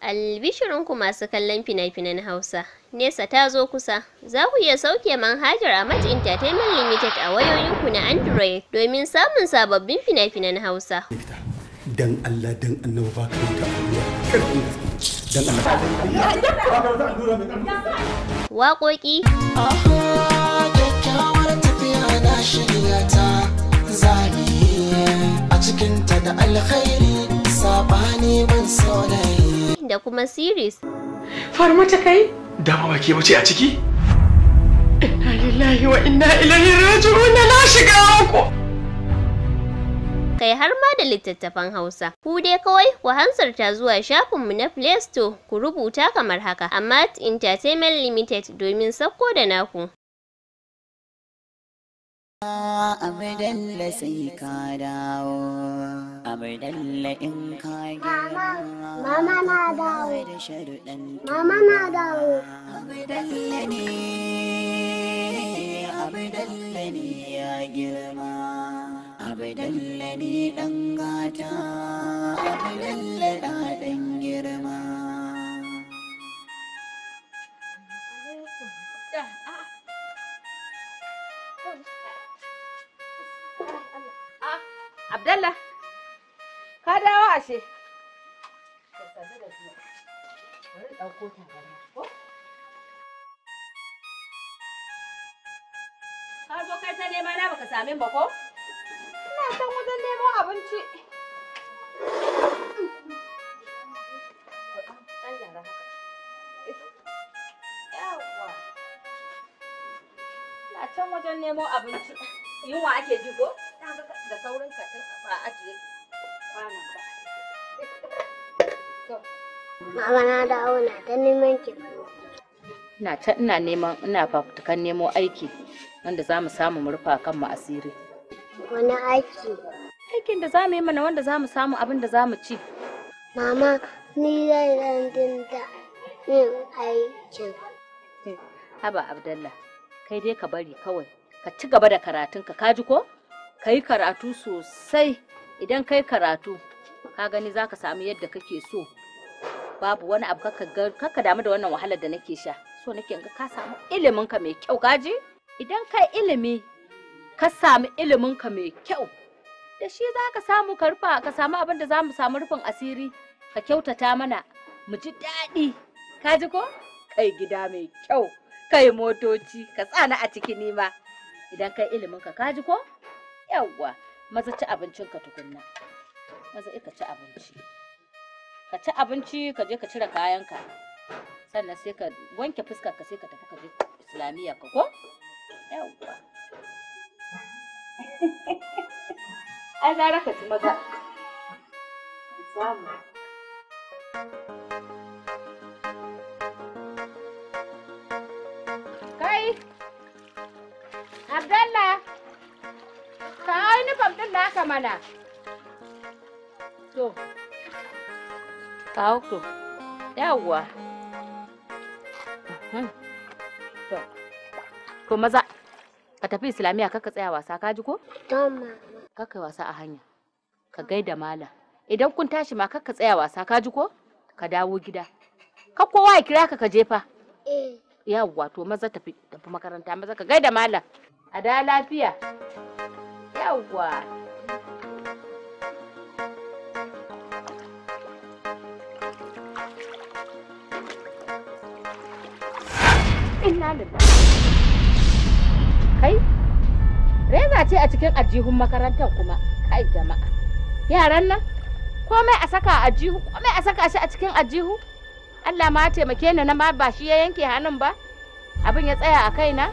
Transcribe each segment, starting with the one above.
Albishirinku masu kallon fina-finan Hausa, Nesa ta zo kusa, za ku iya sauke manhajar Amat Entertainment Limited a wayoyinku na Android domin samun sababbin fina-finan Hausa. Dan Allah dan annabi ba ka da Dan Waƙoƙi. a cikinta da alkhairi saɓani ban so da kuma series. Faru mata kai? Dama ba ke wuce a ciki? Inna lillahi wa inna ilaihi raji'un na shiga ku. Kai har ma da littattafan Hausa. Ku dai kawai ku ta zuwa shafinmu na Play Store ku rubuta kamar haka, Amat Entertainment Limited domin sakko da naku. Amdalla sai ka dawo, Amdalla in ka girma. Mama na dawo. Da sharuɗan Mama na dawo. Amdalla ne, Amdalla ne ya girma. Amdalla ne ɗan gata, Amdalla ɗan girma. Abdallah, ka dawo ashe. Bari Ka zo kai ta nema na baka same ba ko? Ina san wajen nemo abinci. Ina can wajen nemo abinci. Yunwa ake ji ko? da saurin katin ba ajiye kwanan ba. Mama na dawo na ta neman ki. Ina ta ina neman ina fafutukan nemo aiki wanda za mu samu mu rufa kanmu asiri. Wani aiki? Aikin da za mu yi mana wanda za mu samu abin da za mu ci. Mama, ni zai zan da yin aikin. Eh, haba Abdallah, kai dai ka bari kawai, ka ci gaba da karatunka, ka ji ko? ka yi karatu sosai idan ka yi karatu ka gani za ka samu yadda kake so babu wani abu kaka damu da wannan wahalar da nake sha so nake ga ka samu ilimin mai kyau gaji idan ka ilimi ka samu ilimin ka mai kyau da shi za ka samu ka rufa ka samu abin da za mu samu rufin asiri ka kyautata mana mu ji daɗi ka ji ko kai gida mai kyau kai motoci ka tsana a ciki nima idan kai ilimin ka ka ji ko yawwa maza ci abincin ka tukunna maza ka ci abinci ka ci abinci ka je ka cire ka, sannan sai ka wanke fuskar ka sai ka tafi ka je islamiyya ka ko yawwa ai gara ka ci maza samu kai Abdallah naka mana to kawo to yawwa mhm. to to maza ka tafi islamiyya kaka tsaya wasa ka ji ko kaka wasa a hanya ka gaida malam idan kun tashi ma kaka tsaya wasa ka ji ko ka dawo gida ka kowa ya kira ka ka jefa eh. yawwa to maza tafi tafi makaranta maza ka gaida malam a da lafiya yawwa kai reza ce a cikin ajihun makarantar kuma kai jama'a yaran nan komai a saka a jihu komai a saka shi a cikin ajihu Allah ma taimake ni na ma ba shi ya yanke hannun ba abin ya tsaya a kaina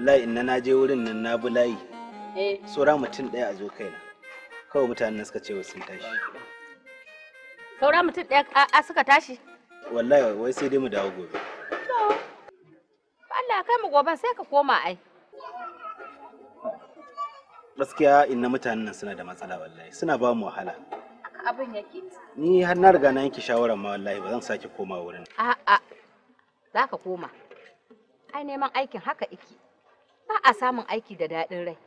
wallahi inna na je wurin nan na bi layi eh. saura mutum ɗaya a zo kaina kawai mutanen suka ce sun tashi saura mutum ɗaya a suka tashi wallahi wai sai dai mu dawo gobe Allah kai mu goben sai ka koma ai gaskiya inna mutanen nan suna da matsala wallahi suna ba mu wahala abin yake ni har na riga na yanke shawaran ma wallahi ba zan sake koma wurin a'a za ka koma ai neman aikin haka iki ba a samun aiki da daɗin rai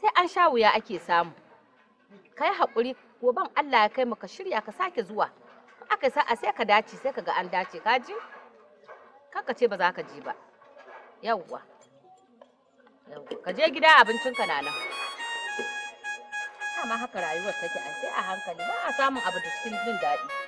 sai an sha wuya ake samu kai haƙuri goban Allah ya kai maka shirya ka sake zuwa aka sa'a sai ka dace sai ka ga an dace ka ji kanka ce ba za ka ji ba yawwa ka je gida abincinka na nan dama haka rayuwar take a sai a hankali ba a samun abu da cikin jin daɗi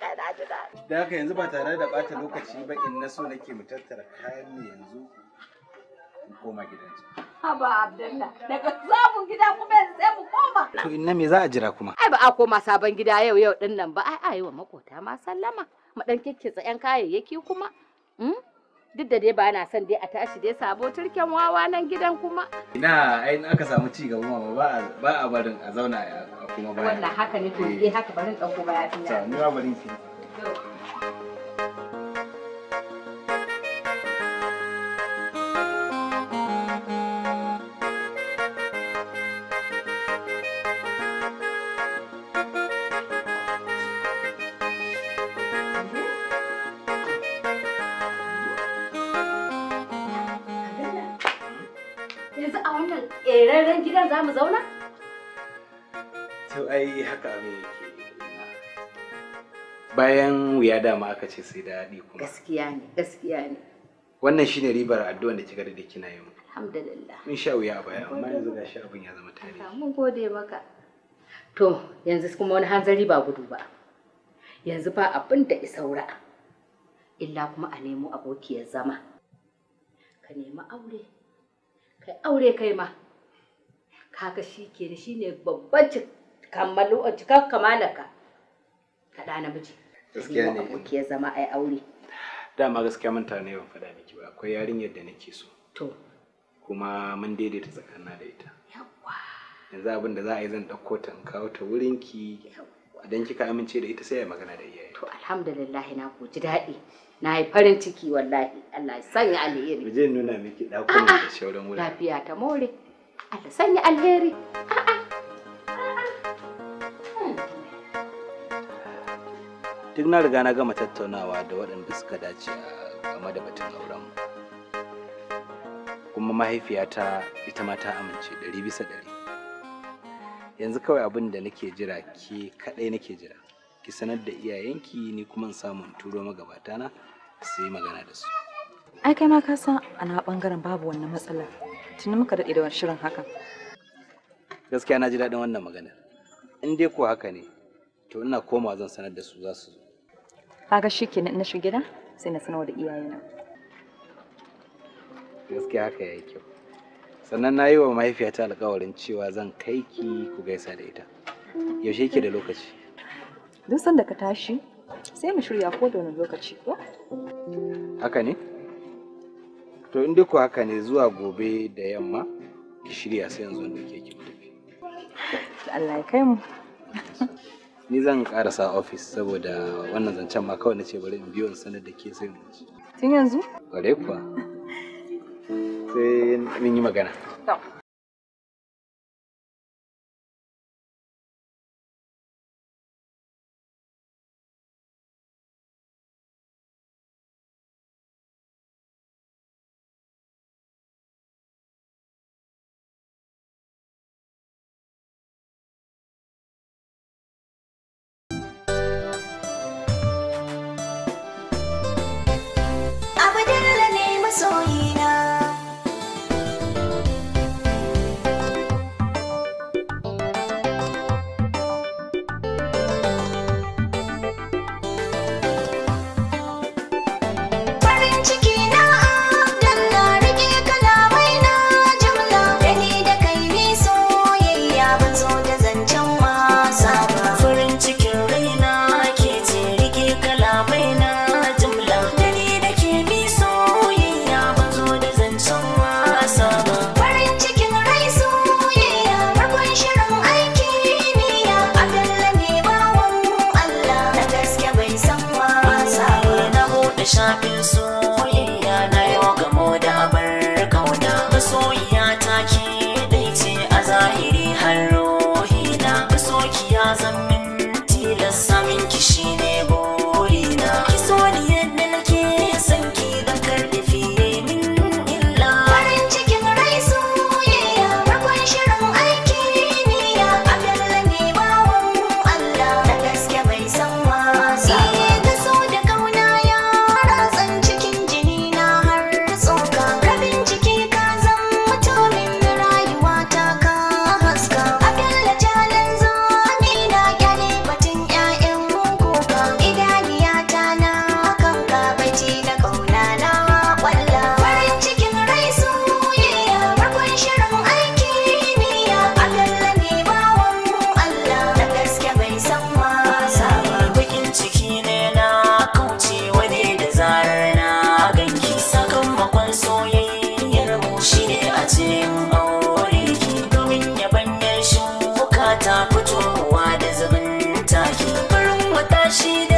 haka ji daɗi. Da haka yanzu ba tare da ɓata lokaci ba in na so nake mu tattara kayan mu yanzu mu koma gidansu. Haba Abdullah, daga samun gida kuma yanzu sai mu koma. To inna me za a jira kuma? Ai ba a koma sabon gida yau yau din nan ba, ai a wa makota ma sallama. Ma ɗan kyakkitsa 'yan kayayyaki kuma. Hmm? duk da dai ba na son dai a tashi dai sabo turken wawa nan gidan kuma. Ina ai aka samu ci gaba mama ba a barin a zauna a kuma baya. Wannan haka ne to eh haka barin ɗauko baya. Ta ni ba barin ki. za mu zauna? To ai haka abin yake. Bayan wuya dama aka ce sai daɗi kuma. Gaskiya ne, gaskiya ne. Wannan shine ribar addu'an da kika da kina yi. Alhamdulillah. Mun sha wuya baya amma yanzu ga shi abin ya zama tarihi. Mun gode maka. To yanzu kuma wani hanzari ba gudu ba. Yanzu ba abin da isaura. Illa kuma a nemo abokiyar zama. Ka nemi aure. Kai aure kai ma. kaga shi ke da shi ne babban cikar kamalaka ka ɗa namiji gaskiya ne aboki ya zama ai aure dama gaskiya manta ne ban fada miki ba akwai yarinyar da nake so to kuma mun daidaita tsakanin da ita yawa yanzu abin da za a yi zan ɗauko ta in kawo ta wurinki ki idan kika amince da ita sai a magana da iyaye to alhamdulillah na goji daɗi na yi farin ciki wallahi Allah ya sanya alheri je nuna miki ɗakunan da shauran wurin lafiya ta more Allah sanya alheri duk na riga na gama tattaunawa da waɗanda suka dace a game da batun auren kuma mahaifiyata ita ma ta amince ɗari bisa ɗari yanzu kawai abin da nake jira ke kaɗai nake jira ki sanar da iyayenki ni kuma in samu in turo magabatana su yi magana da su ai kai ma ka san ana ɓangaren babu wannan matsalar tuni muka daɗe da shirin hakan gaskiya na ji daɗin wannan magana in dai ko haka ne to ina koma zan sanar da su za su zo kaga shikenan na shiga gida sai na sanar da iyayena gaskiya haka yayi kyau sannan na yi wa mahaifiyata alkawarin cewa zan kai ki ku gaisa da ita yaushe ke da lokaci duk sanda ka tashi sai mu shirya ko da wani lokaci ko haka ne to in ku haka ne zuwa gobe da yamma ki shirya sai yanzu da ke ki tafi Allah ya kai mu ni zan karasa ofis saboda wannan zancen ma kawai nace bari in biyo sanar da ke sai tun yanzu kware kuwa sai mun yi magana olvidé.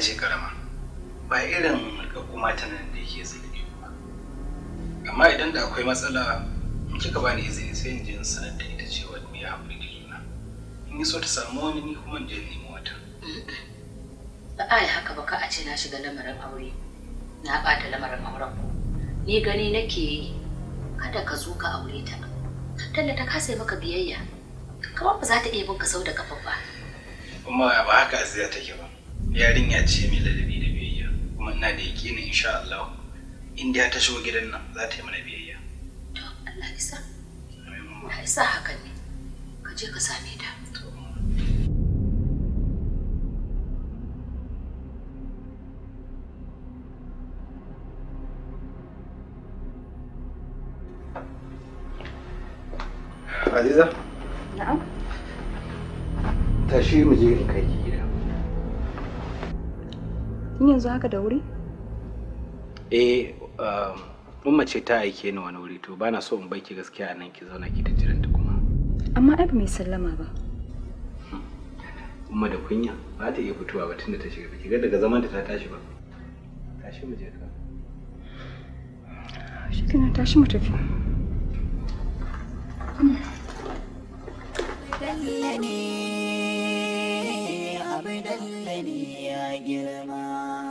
ce karama ba irin rikakku ta nan da yake zargi ba amma idan da akwai matsala in kika bani izini sai in je in sanar da ita cewa mu ya haƙuri da juna in yi so ta samu wani ni kuma in je nemi wata ba a haka ba ka a ce na shiga lamarin aure na ɓata lamarin auren ku ni gani nake yi kada ka zo ka aure ta tunda ta kasa maka biyayya kamar ba za ta iya bin ka sau da kafa ba kuma ba haka aziya take ba yarinya ce mai ladabi da biyayya kuma ina da ne insha Allah in ta shigo gidan nan za ta yi mana biyayya to Allah sa sa hakan ne ka je ka same ta haka da wuri? Eh, umma ce ta aike ni wani wuri to bana so in baki gaskiya a nan ki zauna ki ta jiran ta kuma. Amma ai mai sallama ba. Umma da kunya ba ta iya fitowa ba tunda ta shiga ba ki ga daga zaman ta tashi ba. Tashi mu je ka. Shi kana tashi mu tafi. Dalle ne, abu dalle ya girma.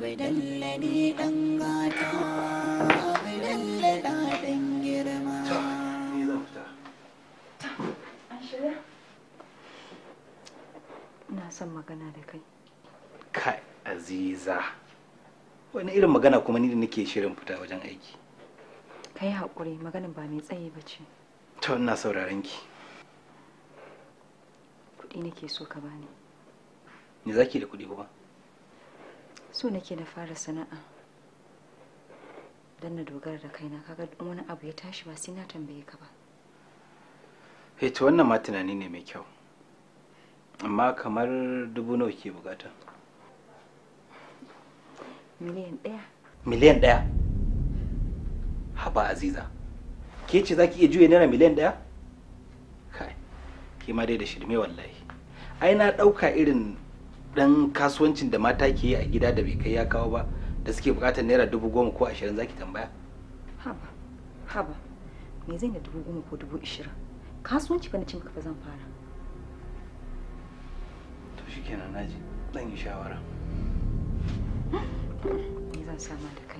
abdalladi dan girma ina son magana da kai kai aziza wani irin magana kuma ni da nake shirin fita wajen aiki kai haƙuri maganin ba mai tsaye ba ce Ta ina sauraron ki kuɗi nake so ka bani me zaki da kuɗi kuma? so nake na fara sana'a don na dogara da kaina kaga wani abu ya tashi ba sai na tambaye ka ba hey eh, to wannan ma tunani ne mai kyau amma kamar dubu nawa ke bukata miliyan ɗaya miliyan ɗaya haba aziza ke ce za ki iya juya naira miliyan ɗaya kai ke ma dai da shirme wallahi ai na ɗauka irin dan kasuwancin da mata ke yi a gida da bai kai ya kawo ba da suke bukatar naira dubu goma ko ashirin zaki tambaya haba haba me zai na dubu goma ko dubu ashirin kasuwanci fa na cin kafa zan fara to shikenan naji dan yi shawara me zan sama da kai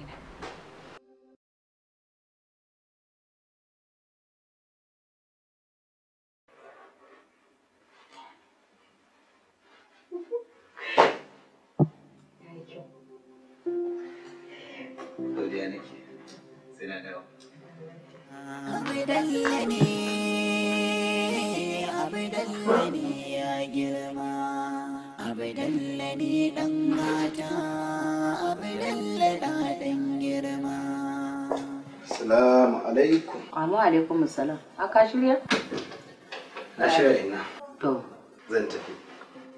mu salam. A ka shirya? Na shirya ina. To. Zan tafi.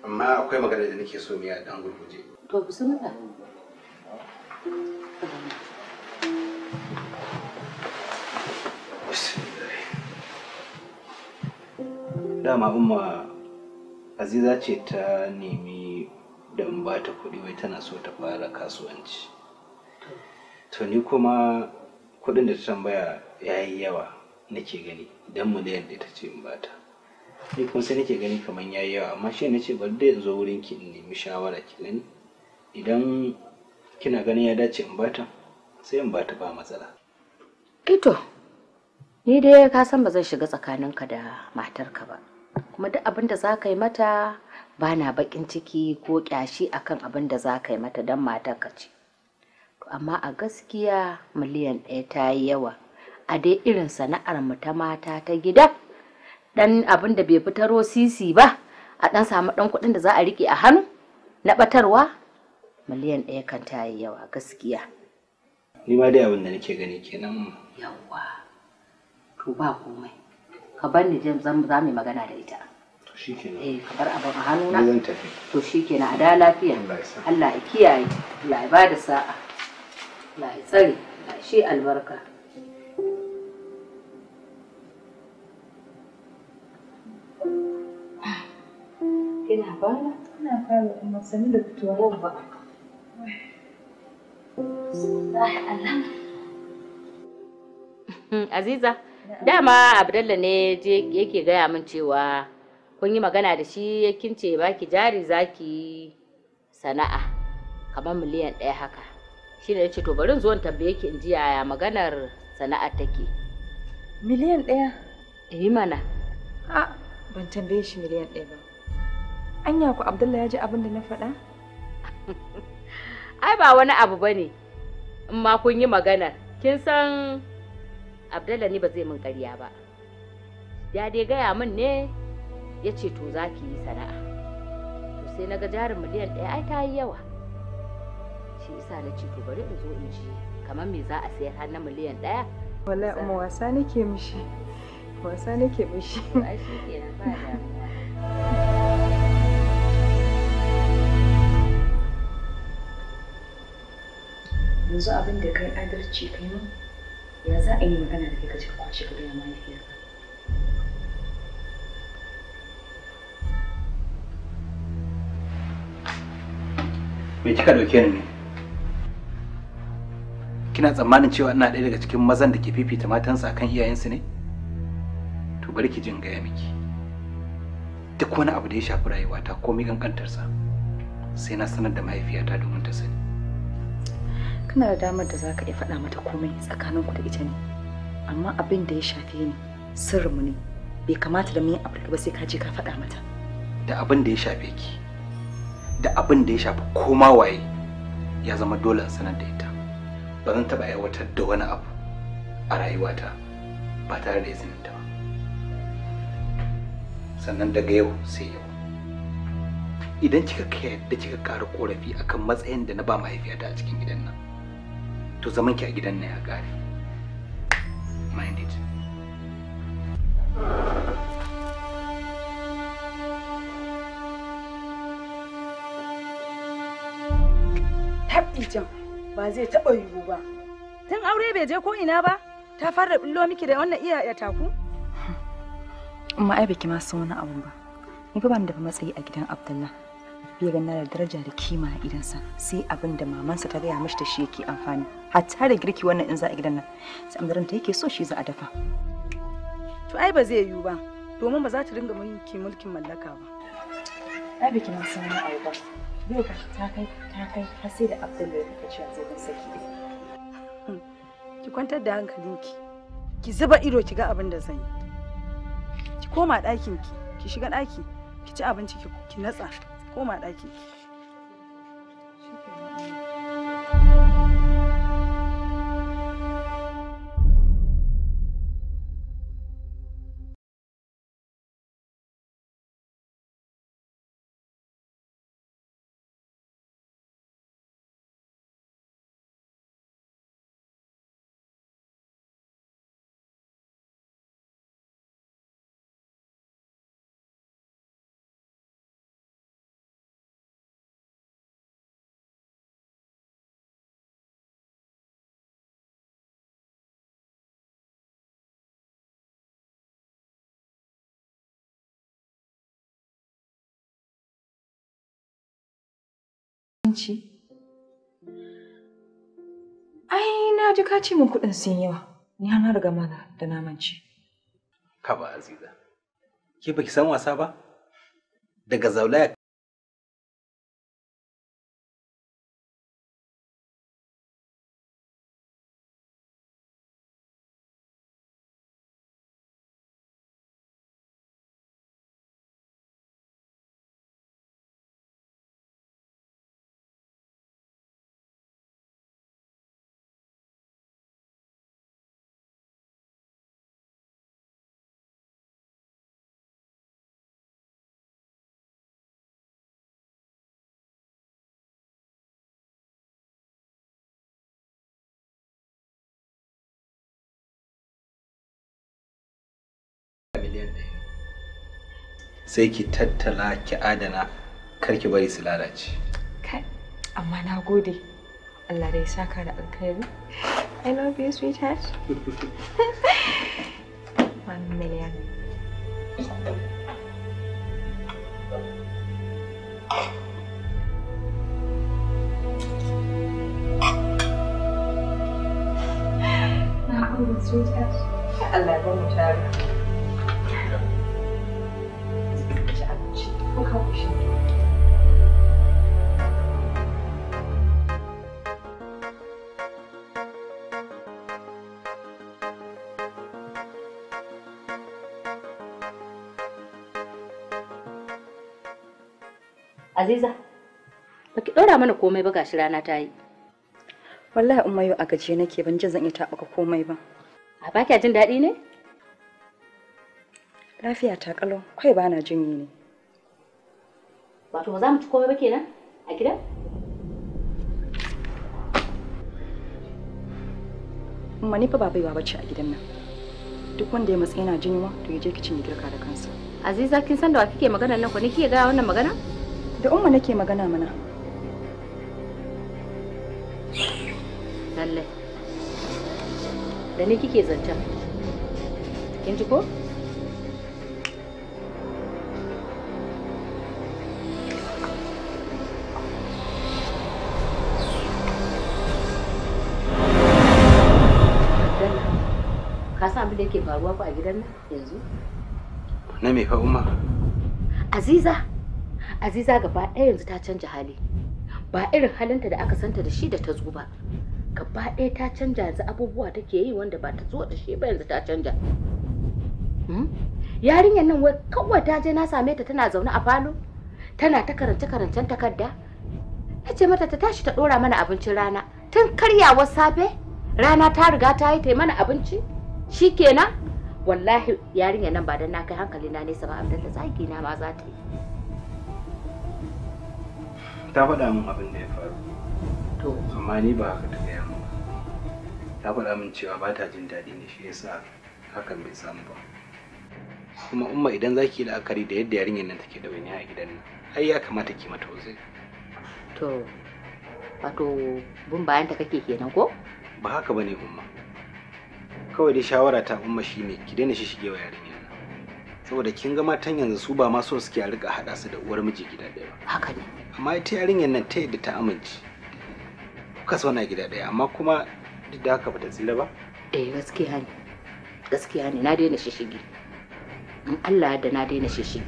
Amma akwai magana da nake so miya dan gurguje. To bismillah. Dama umma Aziza ce ta nemi da in ba ta kuɗi wai tana so ta fara kasuwanci. To ni kuma kuɗin da ta tambaya ya yi yawa nake gani dan miliyan da ta ce in bata ni kuma sai nake gani kamar yayi yawa amma shi nace bari in zo wurin ki in nemi shawara ki gani idan kina ganin ya dace in bata sai in bata ba matsala ito eh ni dai ka san ba zan shiga tsakaninka da matarka ba kuma duk abin da za ka yi mata ba na bakin ciki ko kyashi akan abin da za ka yi mata don matarka ce amma a gaskiya miliyan ɗaya ta yi yawa a dai irin sana'ar mu ta mata ta gida dan abin da bai fitaro sisi ba a dan samu dan kuɗin da za a rike a hannu na batarwa miliyan ɗaya kan ta yi yawa gaskiya ni ma dai abin da nake gani kenan yawa to ba komai ka bar ni jam zan za mu magana da ita to shikenan eh ka bar abin a na zan tafi to shikenan a da lafiya Allah ya kiyaye Allah ya bada sa'a Allah ya tsare shi albarka Kina da fitowa. Yawwa. Hmm, Aziza, dama Abdallah ne yake gaya min cewa kun yi magana da shi ya kince ki jari zaki sana'a kamar miliyan ɗaya haka. Shi ne ya ce to bari zuwan tambaye ki in ji yaya maganar sana'a take. Miliyan ɗaya? Eh mana. Ah, ban tambaye shi miliyan ɗaya ba. Anya ku Abdullah ya ji abin da na faɗa? Ai ba wani abu ba ne, in ma kun yi magana. Kin san Abdullah ni ba zai min ƙarya ba. Ya dai gaya min ne ya ce to za ki yi sana'a. To sai na ga jarin miliyan ɗaya ai ta yi yawa. Shi isa na ce to bari in zo in ji kamar me za a sayar har na miliyan ɗaya. Wallahi amma wasa nake mishi. Wasa nake mishi. ai shi kenan ba da. yanzu abin da kai adalci kai mun ya za a yi magana da kai ka cika kwashe ka gaya mahaifiyarka me kika dauke ni ne kina tsammanin cewa ina ɗaya daga cikin mazan da ke fifita matansa akan iyayensu ne to bari ki jin gaya miki duk wani abu da ya shafi rayuwata komai kankantarsa sai na sanar da mahaifiyata domin ta sani kana da damar da zaka iya faɗa mata komai tsakaninku da ita ne amma abin da ya shafe ni sirrinmu ne bai kamata da mu yi abu ba sai ka je ka faɗa mata da abin da ya shafe ki da abin da ya shafi koma waye ya zama dole sanar da ita ba zan taɓa aiwatar da wani abu a rayuwata ba tare da izinin ta ba sannan daga yau sai yau idan kika yadda kika ƙara korafi akan matsayin da na ba mahaifiyata a cikin gidan nan to zaman ki a gidan nan ya kare mind it tabbijan ba zai taɓa yiwu ba tun aure bai je ko ina ba ta fara billo miki da wannan iya taku amma ai baki ma san wani abu ba ni ba ban da matsayi a gidan abdullahi ya ganna da daraja da kima a gidansa sai abin da mamansa ta gaya mishi da shi yake amfani hatta da girki wannan in za a gidan nan sai amdaran ta yake so shi za a dafa to ai ba zai yiwu ba domin ba za ta dinga ki mulkin mallaka ba ai biki na san ni ai ba yau ka ta kai ta kai har sai da abdullahi ya kace zai ban saki hmm, ki kwantar da hankalinki ki zuba ido ki ga abin da zan yi ki koma ɗakin ki ki shiga ɗaki ki ci abinci ki natsa koma ɗakin ki kasuwanci? Ai, na ji ka ce min kuɗin sun yawa. Ni na riga mana da ci. Ka ba Aziza. Ke baki san wasa ba? Daga zaulaya sai ki tattala ki adana kar ki bari su lalace kai amma na gode Allah dai saka da alkhairi I love you sweetheart one million Na gode Allah ya mu Aziza, baki ɗora mana komai ba gashi rana ta yi. Wallahi umma yau a gaje nake ban ji zan iya taɓa ka komai ba. A baki jin daɗi ne? Lafiya ta kalau, kai ba na jin ne. wato ba za mu ci komai ba kenan a gidan amma ni fa ba ba bace a gidan nan duk wanda ya matsa yana jinwa to ya je kicin ya girka da kansa aziza kin san da wa kike magana nan ko ni kike ga wannan magana da umma nake magana mana lalle da ni kike zancen kin ji ko da yake faruwa ku a gidan nan yanzu na me fa umma aziza aziza gaba ɗaya yanzu ta canja hali ba irin halinta da aka santa da shi da ta zo ba gaba ɗaya ta canja yanzu abubuwa take yi wanda ba ta zo da shi ba yanzu ta canja hmm? yarinyar nan wai kawai ta je na same ta tana zaune a falo tana ta karance karancen takarda na mata ta tashi ta ɗora mana abincin rana tun karyawar safe rana ta riga ta yi ta yi mana abinci shikenan wallahi yarinya nan ba dan na kai hankali na nesa ba abinda da tsaki na ma za ta yi ta faɗa min abin da ya faru to amma ni ba haka ta gaya min ta faɗa min cewa ba ta jin daɗi ne shi yasa hakan bai samu ba kuma umma idan zaki yi la'akari da yadda yarinyar nan take da wani a gidan nan ai ya kamata ki mata wuzi to wato bin bayan ta kake kenan ko ba haka bane umma kawai dai shawara ta umma shine ki daina shi shigewa yarinya saboda kin ga matan yanzu su ba ma so suke a rika hada su da uwar miji gida ɗaya ba haka ne amma ita yarinyar nan ta yadda ta amince kuka na gida ɗaya amma kuma duk da haka bata tsira ba eh gaskiya ne gaskiya ne na daina shige in Allah da na daina shi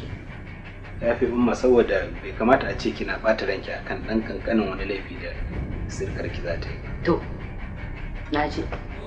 ya fi umma saboda bai kamata a ce kina bata ranki akan dan kankanin wani laifi da sirkar ki za ta yi to na ji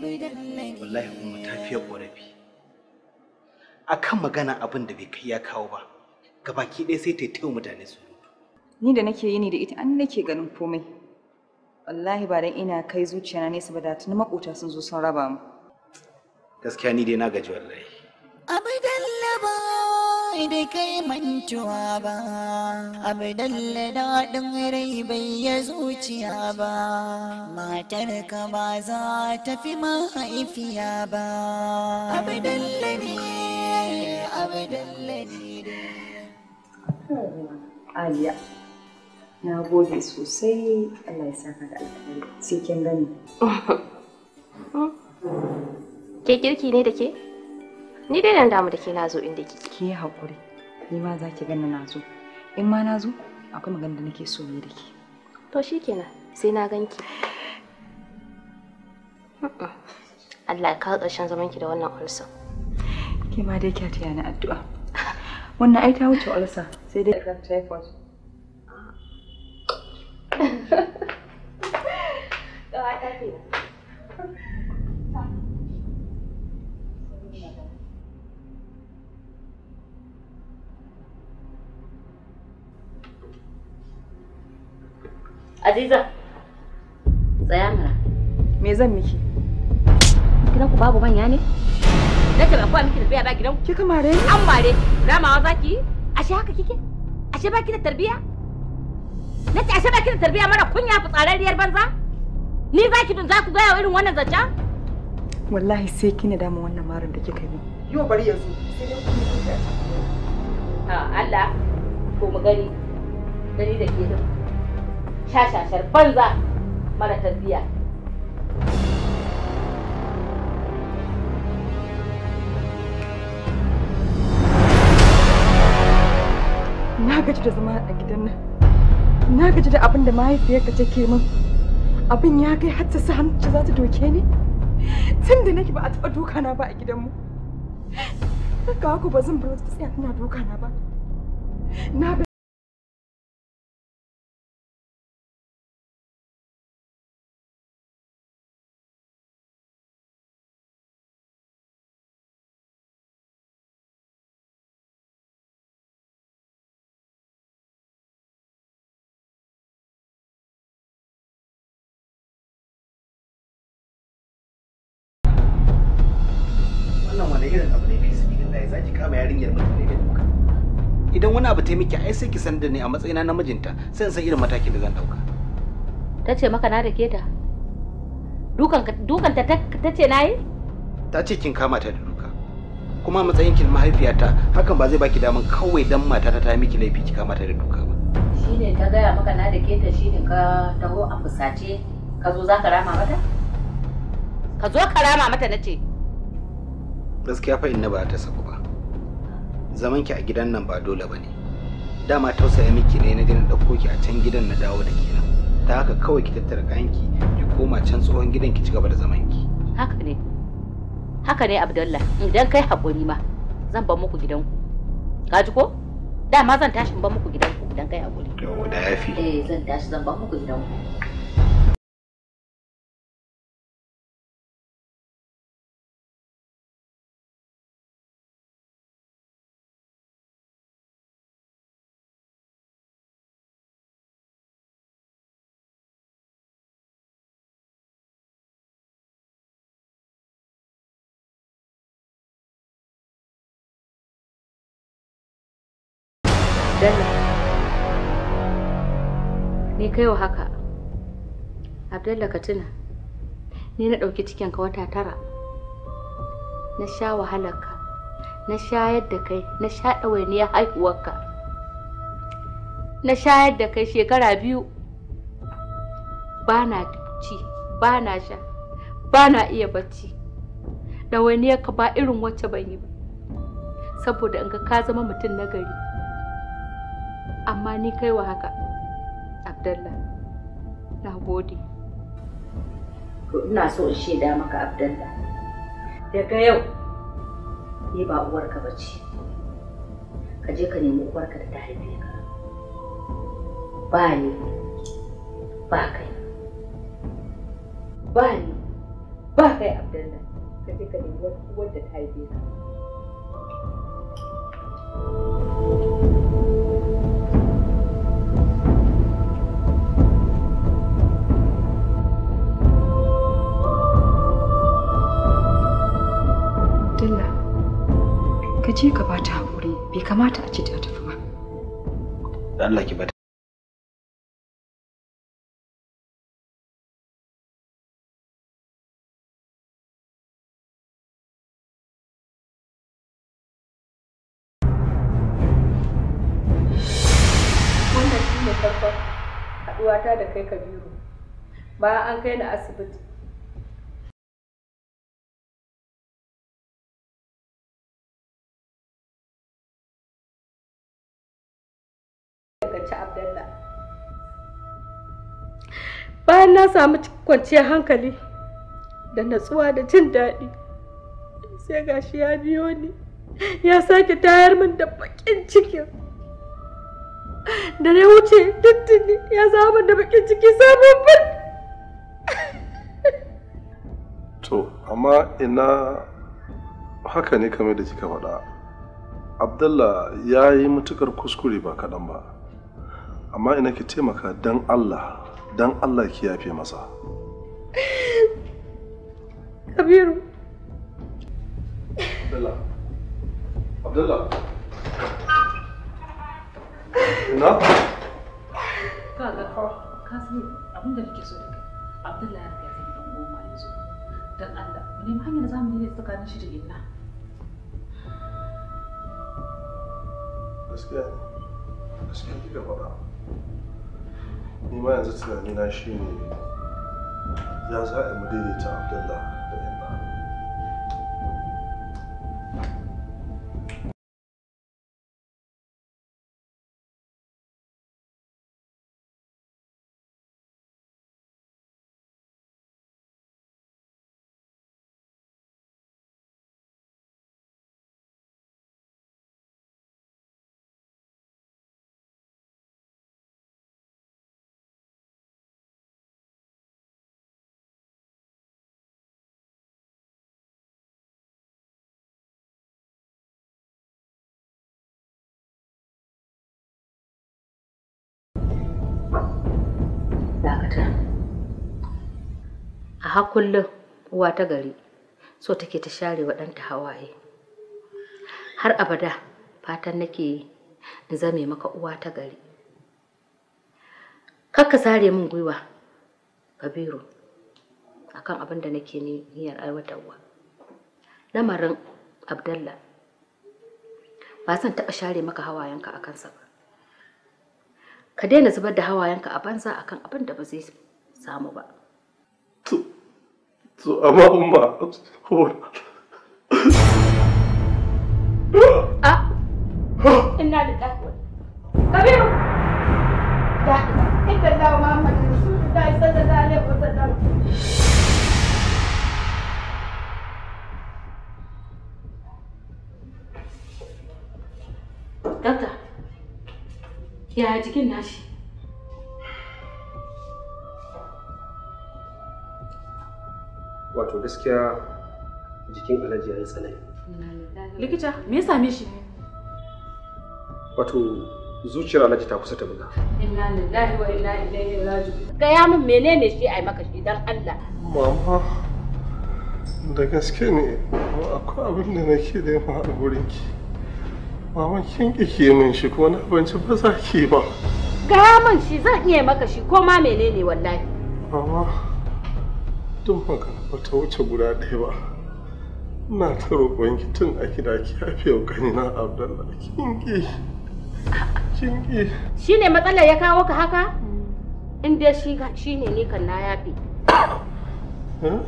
wallahi umma ta fiye ƙorafi akan magana abin da bai kai ya kawo ba gabaki ɗaya sai ta yi mutane su ni da nake yini da ita an nake ganin komai wallahi ba dan ina kai zuciyana nesa ba da tuni makota sun zo sun raba mu gaskiya ni dai na gaji wallahi abai da kai mantuwa ba abu da daɗin rai bai ya zuciya ba matar ka ba za ta fi mahaifiya ba abu dalla ne abu dalla ne Aliya, na gode sosai Allah ya saka da alkhairi sai kin gani. Ke kirki ne da ke? Ni dai nan damu da ke na zo inda kike. Ki yi hakuri. Ni ma za ki gani na zo. In ma na zo akwai magana da nake so ne da ke. To shikenan sai na ganki. Allah ya kawo ƙarshen zaman ki da wannan ulsa. Ke ma dai kya taya ni addu'a. Wannan ai ta wuce ulsa sai dai ah. ta typhoid. Ɗawa ta Aziza. Tsaya mana. Me zan miki? Gidan ku babu manya ne? Da ke ban kwa miki biya ba gidan ku. Kika mare ni? An mare. Ramawa zaki? Ashe haka kike? Ashe baki da tarbiya? Nace ashe baki da tarbiya mara kunya fitsarariyar banza? Ni ki dun za ku gaya irin wannan zancen? Wallahi sai kina dama wannan marin da kika yi. Yo bari yanzu. Sai dai ku yi Ha Allah ko mu gani. Gani da ke da. shashashar banza mara tarbiyya na gaji da zama a gidan nan na gaji da abin da mahaifiyarka take min abin ya kai har ta sa hanci za ta doke ni tun da nake ba a taɓa doka na ba a gidanmu Kaka ku ba zan bar wata tsaya tana doka na ba na san da ni a matsayina na mijinta sai san irin matakin da zan dauka ta ce maka na da keta ta dukan ta ta ce nayi. ta ce kin kama ta da duka kuma matsayin kin mahaifiyata hakan ba zai baki daman kawai dan matata ta miki laifi ki kama ta da duka ba shine ta gaya maka na da keta ta shine ka taho a fusace ka zo za ka rama mata ka zo ka rama mata na ce gaskiya fa inna ba ta saku ba zaman ki a gidan nan ba dole ba ne dama tausaya miki ne na ganin ɗauko ki a can gidan na dawo da kenan ta haka kawai ki tattara kayanki ki koma can tsohon gidan ki cigaba da zaman ki haka ne haka ne abdullah idan kai haƙuri ma zan ban muku gidanku ka ji ko dama zan tashi in ban muku gidanku idan kai haƙuri yau da yafi eh zan tashi zan ban muku gidanku Abdalla. Ni wa haka. Abdalla ka tuna. Ni na ɗauki cikinka wata tara. Na sha ka. Na shayar da kai, na sha ɗawainiyar haihuwarka. Na shayar da kai shekara biyu. Ba na ci, ba na sha, ba na iya bacci. ka ba irin wacce ban yi ba. Saboda in ga ka zama mutum na gari. amma ni kaiwa haka abdallah na gode to ina so in shaida maka abdallah daga yau ni ba uwarka ba ce ka je ka nemi uwarka da ta haife ka ba ni ba kai ba ni ba kai abdallah ka je ka nemi uwar da ta haife ka Thank you. ka je ka bata hakuri bai kamata a ce ta tafi ba Dan Allah ki bata wannan shine farkon haɗuwata da kai Kabiru bayan an kai ni asibiti bayan na samu kwanciyar hankali da natsuwa da jin daɗi sai gashi ya biyo ni ya sake tayar min da bakin cikin da ya wuce tuntuni ya samu da bakin ciki sababbin to amma ina haka ne kamar da kika faɗa abdullah ya yi matukar kuskure ba kaɗan ba amma ina ki taimaka don allah don Allah ki yafe masa kabiru abdullah abdullah ina kaga ka san abin da nake so da abdullah ya zama dan goma yanzu don Allah mu nemi hanyar zamu yi tsakanin shi da inna gaskiya gaskiya kika faɗa ni ma yanzu tunanina ne ya za a mu daidaita abdullah dakata a hakullin uwa ta gari so take ta share wa ɗanta hawaye har abada fatan nake in zame maka uwa ta gari kakka sare min gwiwa kabiru akan abin da nake niyyar aiwatarwa lamarin abdallah ba zan taɓa share maka hawayenka a kansa ba ka daina zubar da hawayenka a banza akan abin da ba zai samu ba to to amma umma a ah! ina da Yaya jikin nashi? Wato gaskiya jikin Alhaji ya yi tsanani. Likita, me ya same shi? Wato zuciyar Alhaji ta kusa ta buga. Inna lillahi wa inna ilaihi raji'un. Gaya min menene shi ai maka shi dan Allah. Mama da gaske ne akwai abin da nake da yawa a gurin ki. Maman kin kike min shi ko na abinci ba za ki ba. Ga min shi zan iya maka shi ko ma menene wallahi. Mama, tun magana ba ta wuce guda ɗaya ba. Ina ta roƙon ki tun a gida ki yafe wa ƙanina Abdallah kin ki. Kin ki. Shi ne matsalar ya kawo ka haka? In dai shi ne ni kan na eh? yafe.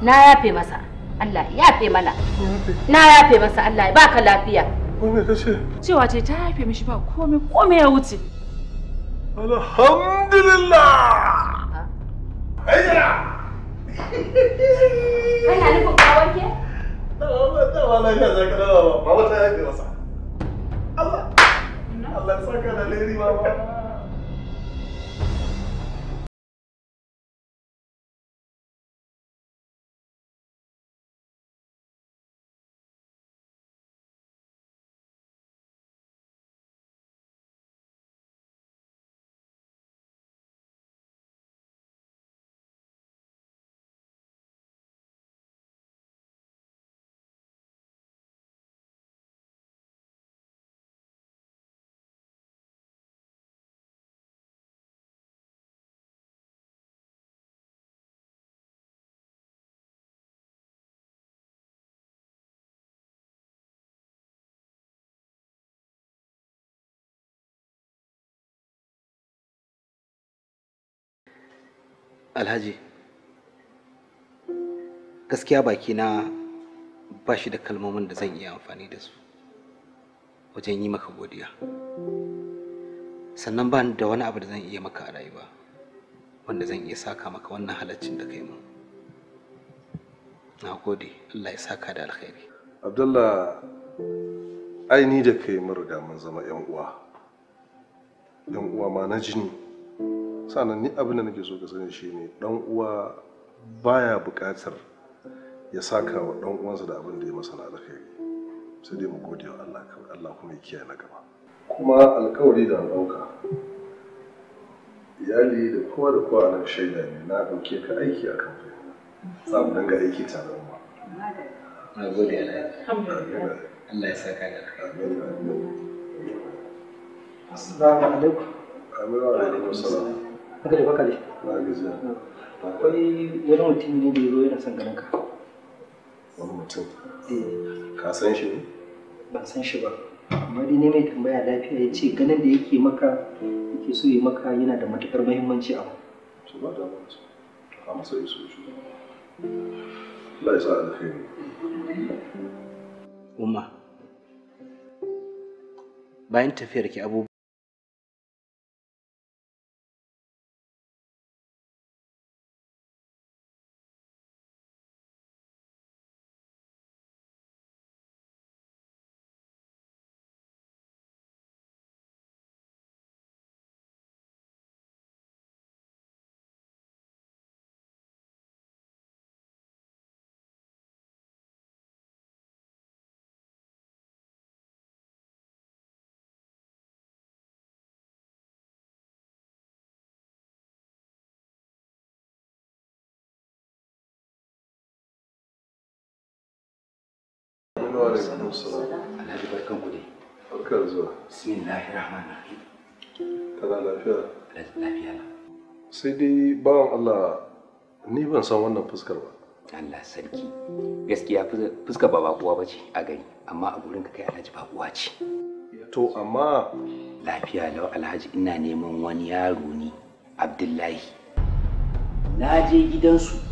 Na yafe masa. Allah ya yafe mana. Na yafe masa Allah ya baka lafiya. Wanda ta Cewa ce ta haife mishi ba komai komai ya wuce. Alhamdulillah! Ayyana! Kana nufin kawar ke? Allah! ya saka da ba ba. alhaji gaskiya baki na ba shi da kalmomin da zan iya amfani da su wajen yi maka godiya sannan ba da wani abu da zan iya maka a rayuwa wanda zan iya saka maka wannan halaccin da kai mu na gode allah ya saka da alkhairi abdullah ni da kai mun riga mun zama yan uwa yan uwa ma na jini sannan ni abin da nake so ka sani shi ne dan uwa baya buƙatar ya saka wa dan uwansa da abin da ya masa na alkhairi sai dai mu gode wa Allah kawai Allah kuma ya kiyaye na gaba kuma alkawari da dauka iyali da kowa da kowa na shaida ne na dauke ka aiki a kan za mu dinga aiki tare da mu na gode Allah Allah ya saka da Assalamu alaikum. Amin wa alaikum assalam. haka da baka wani mutum ne da ya zo yana son ganin ka wani mutum eh. ka san shi ne ban san shi ba amma dai ne mai tambaya lafiya ya ce ganin da yake maka yake so ya maka yana da matukar muhimmanci a su ba da mutu a masa yi alheri Umma bayan tafiyar ki abubuwa alaikum salam alhaji barkan ku dai barkar zuwa bismillahir rahmanir rahim kana lafiya lafiya na sai dai bawan Allah ni ban san wannan fuskar ba Allah sarki gaskiya fuskar ba bakuwa ba ce a gari amma a gurin ka kai alhaji bakuwa ce to amma lafiya lau alhaji ina neman wani yaro ne abdullahi na je gidansu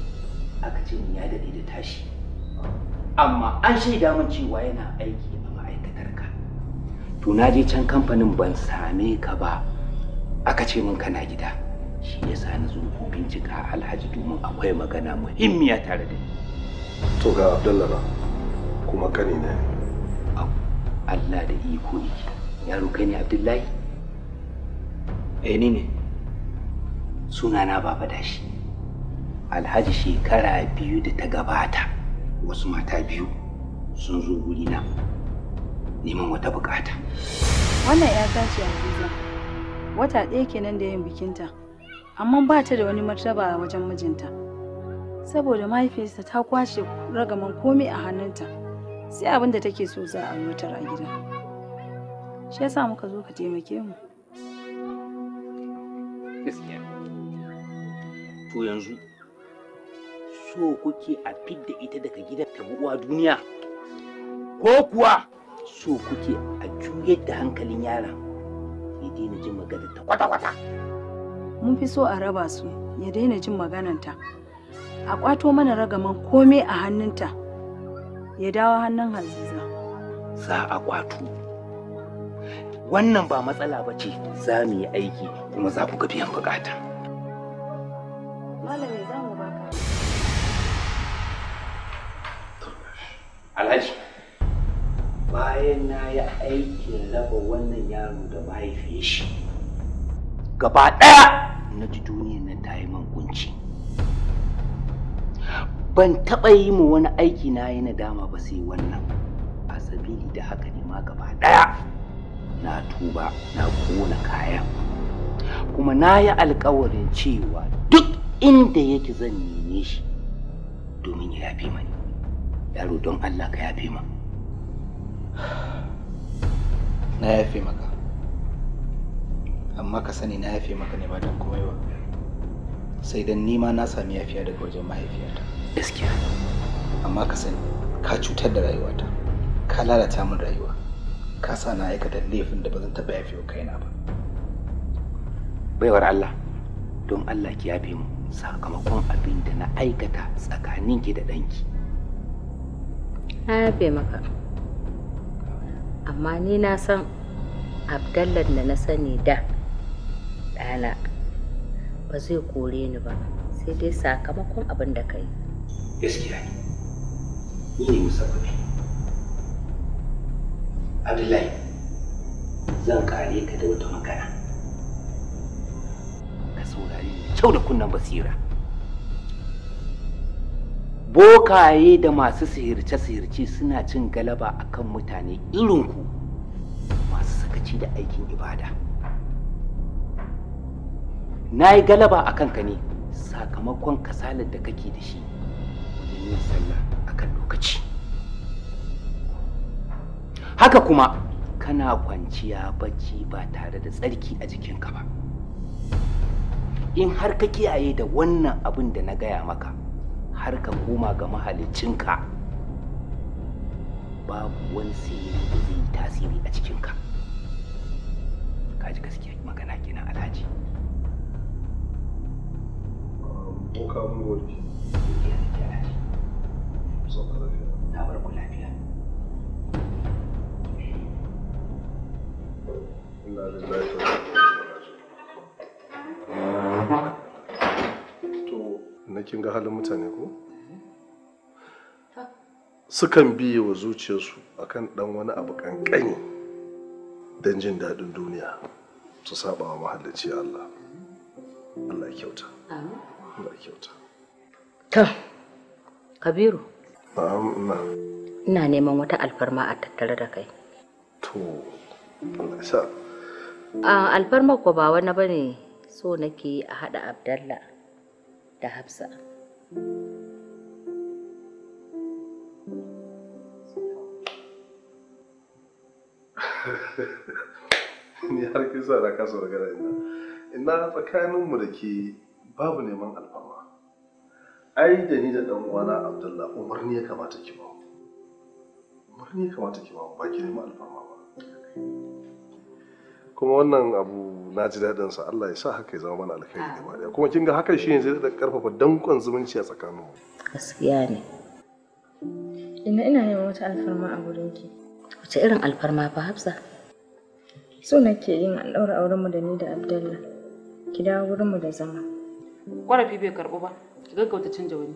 aka ce ya daɗe da tashi amma an shaida min cewa yana aiki a ma'aikatar ka to na je can kamfanin ban same ka ba aka ce min kana gida shi yasa na zo bincika alhaji domin akwai magana muhimmiya tare da ni to ga abdullahi kuma kani ne Allah da iko yake yaro kai ne abdullahi eh ni ne sunana baba dashi alhaji shekara biyu da ta gabata wasu mata biyu sun zo na neman wata bukata. Wannan ya a Aziza wata ɗaya kenan da yin bikinta amma ba ta da wani martaba a wajen mijinta saboda mahaifiyarsa ta kwashe ragaman komai a hannunta sai abin da take so za a wutar a gida. Shi ya sa muka zo ka taimake mu. Gaskiya. yanzu so kuke a fidda ita daga gidan tabuwa duniya ko kuwa so kuke a juyar da hankalin yaran ya daina jin magana ta kwata-kwata mun fi so a raba su ya daina jin magananta a kwato mana ragaman komai a hannunta ya dawo hannun haziza za a kwato wannan ba matsala ba ce za mu yi aiki kuma za ku ga biyan bukata malami alhaji bayan na yi aikin raba wannan yaro da mahaifiyar shi gaba ɗaya na ji duniyar nan ta yi kunci ban taɓa yi mu wani aiki na yi na dama ba sai wannan a sabili da haka ne ma gaba ɗaya na tuba na kona kayan kuma na yi alkawarin cewa duk inda yake zan neme shi domin ya fi mani yaro don Allah ka yafe ma na yafe maka amma ka sani na yafe maka ne ba don komai ba sai dan nima na sami yafiya daga wajen mahaifiyata gaskiya amma ka sani ka cutar da rayuwata ka lalata min rayuwa ka sa na aikata laifin da ba zan taɓa yafe wa kaina ba baiwar Allah don Allah ki yafe mu sakamakon abin da na aikata tsakaninki da ɗanki na yafe maka amma ni na san abdallar da na sani da ɗana ba zai kore ni ba sai dai sakamakon abin da ka yi gaskiya ne ni ne musabbabi abdullahi zan kare ka da wata magana ka saurari kyau da kunnen basira bokaye da masu sihirce-sihirce suna cin galaba akan mutane irinku masu sakaci da aikin ibada na yi galaba a kanka ne sakamakon kasalar da kake da shi wajen yin sallah akan lokaci haka kuma kana kwanciya bacci ba tare da tsarki a jikinka ba in har ka kiyaye da wannan abin da na gaya maka har ka koma ga mahalicinka babu wani sirri da zai yi tasiri a cikinka kaji gaskiya magana kenan alhaji Na bar kin ga halin mutane ko mm-hmm. sukan biye wa zuciyarsu akan dan wani abu kankani don jin daɗin duniya su saba wa mahallaci Allah mm-hmm. Allah ya kyauta Allah ya kyauta ta kabiru ina ina neman wata alfarma a tattare da kai to Allah ya sa ah, alfarma ko ba wani bane so nake a hada Abdallah da hafsa ni har sa da kasa magana ina ina tsakaninmu da ke babu neman alfarma ai da ni da dan uwana abdullah umarni ya kamata ki ba umarni ya kamata ki ba ba ki neman alfarma ba kuma wannan abu na ji daɗin sa Allah ya sa haka ya zama mana alkhairi gaba ba kuma kin ga hakan shine zai da karfafa dankon zumunci a tsakanin mu gaskiya ne ina ina neman wata alfarma a gurin ki wace irin alfarma fa Hafsa so nake yin an ɗaura auren mu da ni da Abdullah ki dawo gurin mu da zama ƙorafi bai karɓu ba ki gaggauta canja wani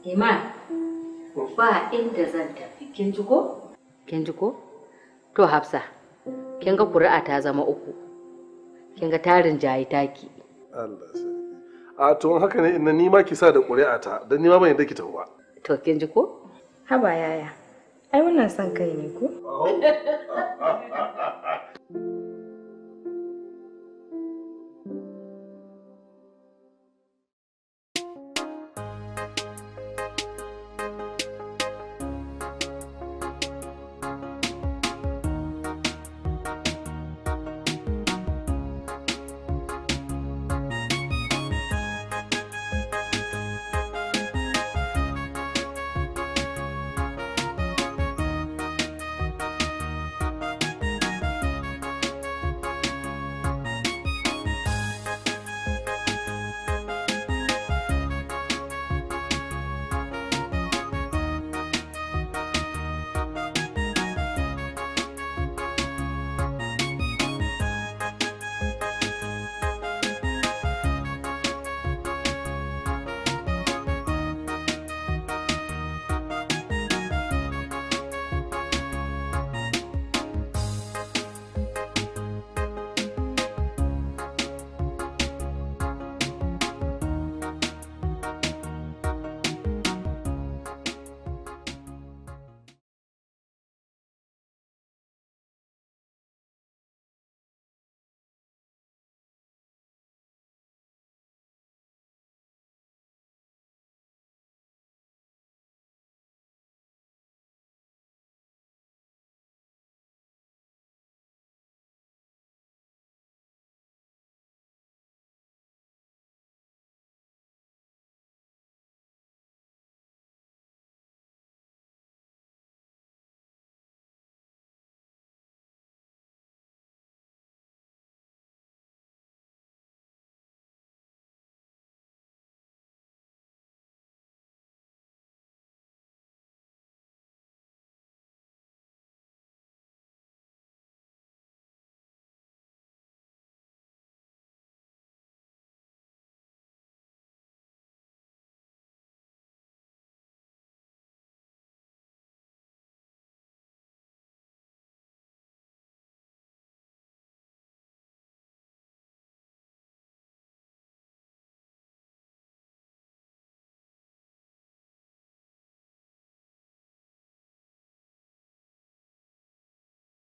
Iman, ba inda zan tafi kin ji ko kin ji ko to hafsa kin ga ƙuri'a ta zama uku kin ga tarin jayi taki Allah a to haka ne ina nima ki sa da ƙuri'a ta dan nima ban yadda ki tafi ba to kin ji ko haba yaya ai wannan son kai ne ko